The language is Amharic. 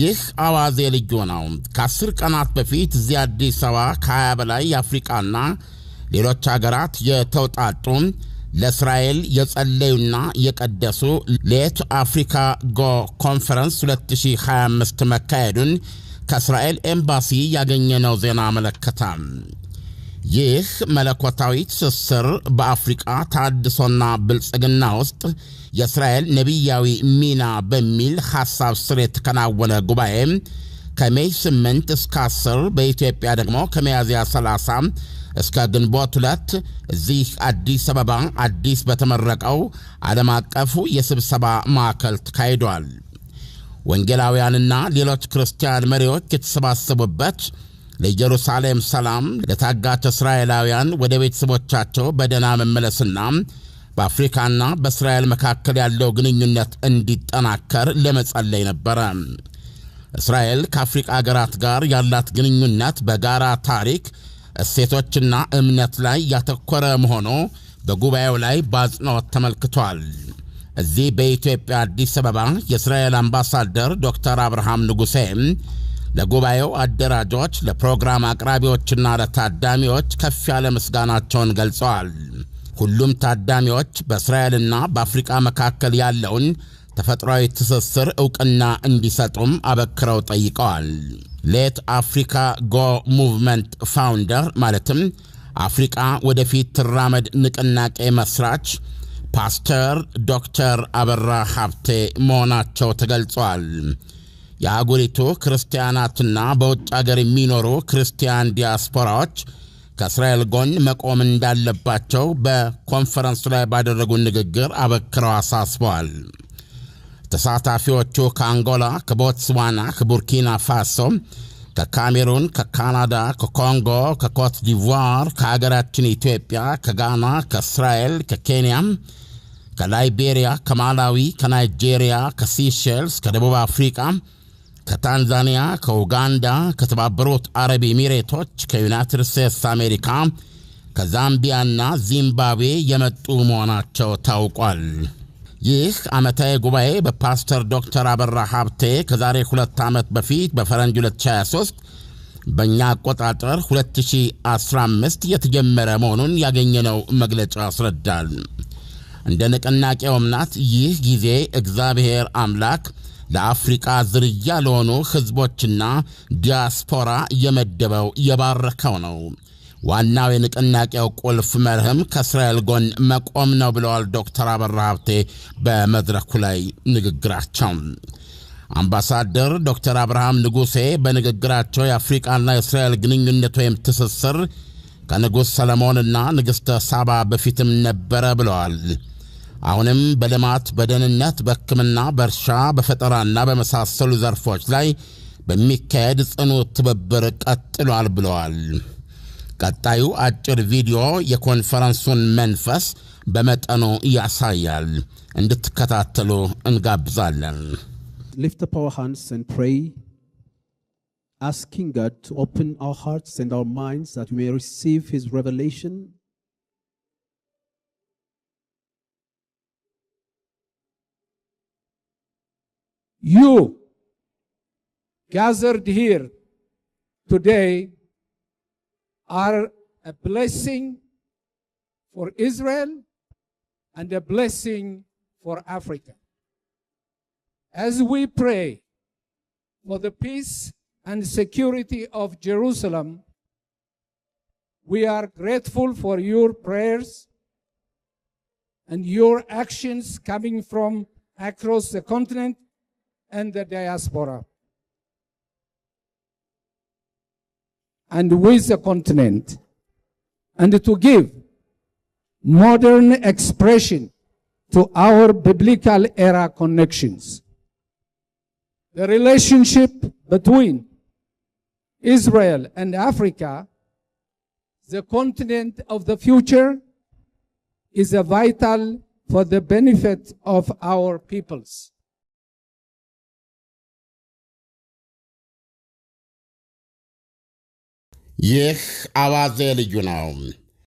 ይህ አዋዜ ልዩ ነው። ከአስር ቀናት በፊት እዚህ አዲስ አበባ ከሀያ በላይ የአፍሪቃና ሌሎች ሀገራት የተውጣጡ ለእስራኤል የጸለዩና የቀደሱ ሌት አፍሪካ ጎ ኮንፈረንስ 2025 መካሄዱን ከእስራኤል ኤምባሲ ያገኘነው ዜና አመለከታል። ይህ መለኮታዊ ትስስር በአፍሪቃ ታድሶና ብልጽግና ውስጥ የእስራኤል ነቢያዊ ሚና በሚል ሐሳብ ስር የተከናወነ ጉባኤ ከሜይ 8 እስከ 10 በኢትዮጵያ ደግሞ ከሚያዝያ 30 እስከ ግንቦት ሁለት እዚህ አዲስ አበባ አዲስ በተመረቀው ዓለም አቀፉ የስብሰባ ማዕከል ተካሂዷል። ወንጌላውያንና ሌሎች ክርስቲያን መሪዎች የተሰባሰቡበት ለኢየሩሳሌም ሰላም፣ ለታጋች እስራኤላውያን ወደ ቤተሰቦቻቸው በደና መመለስና በአፍሪካና በእስራኤል መካከል ያለው ግንኙነት እንዲጠናከር ለመጸለይ ነበረ። እስራኤል ከአፍሪቃ አገራት ጋር ያላት ግንኙነት በጋራ ታሪክ፣ እሴቶችና እምነት ላይ ያተኮረ መሆኑ በጉባኤው ላይ በአጽንኦት ተመልክቷል። እዚህ በኢትዮጵያ አዲስ አበባ የእስራኤል አምባሳደር ዶክተር አብርሃም ንጉሴ ለጉባኤው አደራጆች፣ ለፕሮግራም አቅራቢዎችና ለታዳሚዎች ከፍ ያለ ምስጋናቸውን ገልጸዋል። ሁሉም ታዳሚዎች በእስራኤልና በአፍሪቃ መካከል ያለውን ተፈጥሯዊ ትስስር ዕውቅና እንዲሰጡም አበክረው ጠይቀዋል። ሌት አፍሪካ ጎ ሙቭመንት ፋውንደር ማለትም አፍሪቃ ወደፊት ትራመድ ንቅናቄ መስራች ፓስተር ዶክተር አበራ ሀብቴ መሆናቸው ተገልጿል። የአጉሪቱ ክርስቲያናትና በውጭ አገር የሚኖሩ ክርስቲያን ዲያስፖራዎች ከእስራኤል ጎን መቆም እንዳለባቸው በኮንፈረንሱ ላይ ባደረጉ ንግግር አበክረው አሳስበዋል። ተሳታፊዎቹ ከአንጎላ፣ ከቦትስዋና፣ ከቡርኪና ፋሶ፣ ከካሜሩን፣ ከካናዳ፣ ከኮንጎ፣ ከኮት ዲቯር፣ ከሀገራችን ኢትዮጵያ፣ ከጋና፣ ከእስራኤል፣ ከኬንያ፣ ከላይቤሪያ፣ ከማላዊ፣ ከናይጄሪያ፣ ከሲሸልስ፣ ከደቡብ አፍሪቃ ከታንዛኒያ፣ ከኡጋንዳ፣ ከተባበሩት አረብ ኤሚሬቶች፣ ከዩናይትድ ስቴትስ አሜሪካ፣ ከዛምቢያና ዚምባብዌ የመጡ መሆናቸው ታውቋል። ይህ ዓመታዊ ጉባኤ በፓስተር ዶክተር አበራ ሀብቴ ከዛሬ ሁለት ዓመት በፊት በፈረንጅ 2023 በእኛ አቆጣጠር 2015 የተጀመረ መሆኑን ያገኘነው መግለጫ ያስረዳል። እንደ ንቅናቄው ናት ይህ ጊዜ እግዚአብሔር አምላክ ለአፍሪቃ ዝርያ ለሆኑ ሕዝቦችና ዲያስፖራ የመደበው የባረከው ነው። ዋናው የንቅናቄው ቁልፍ መርህም ከእስራኤል ጎን መቆም ነው ብለዋል ዶክተር አበራ ሀብቴ በመድረኩ ላይ ንግግራቸው። አምባሳደር ዶክተር አብርሃም ንጉሴ በንግግራቸው የአፍሪቃና የእስራኤል ግንኙነት ወይም ትስስር ከንጉሥ ሰለሞንና ንግሥተ ሳባ በፊትም ነበረ ብለዋል። አሁንም በልማት፣ በደህንነት፣ በሕክምና፣ በእርሻ፣ በፈጠራና በመሳሰሉ ዘርፎች ላይ በሚካሄድ ጽኑ ትብብር ቀጥሏል ብለዋል። ቀጣዩ አጭር ቪዲዮ የኮንፈረንሱን መንፈስ በመጠኑ ያሳያል። እንድትከታተሉ እንጋብዛለን። ሊፍት አፕ አወር ሃንድስ ኤንድ ፕሬይ አስኪንግ ጋድ ቱ ኦፕን አወር ሃርትስ ኤንድ አወር ማይንድስ ዛት ዊ ሜይ ሪሲቭ ሂዝ ሬቨሌሽን you gathered here today are a blessing for Israel and a blessing for Africa. As we pray for the peace and security of Jerusalem, we are grateful for your prayers and your actions coming from across the continent and the diaspora. And with the continent, and to give modern expression to our biblical era connections. The relationship between Israel and Africa, the continent of the future, is vital for the benefit of our peoples. ይህ አዋዜ ልዩ ነው።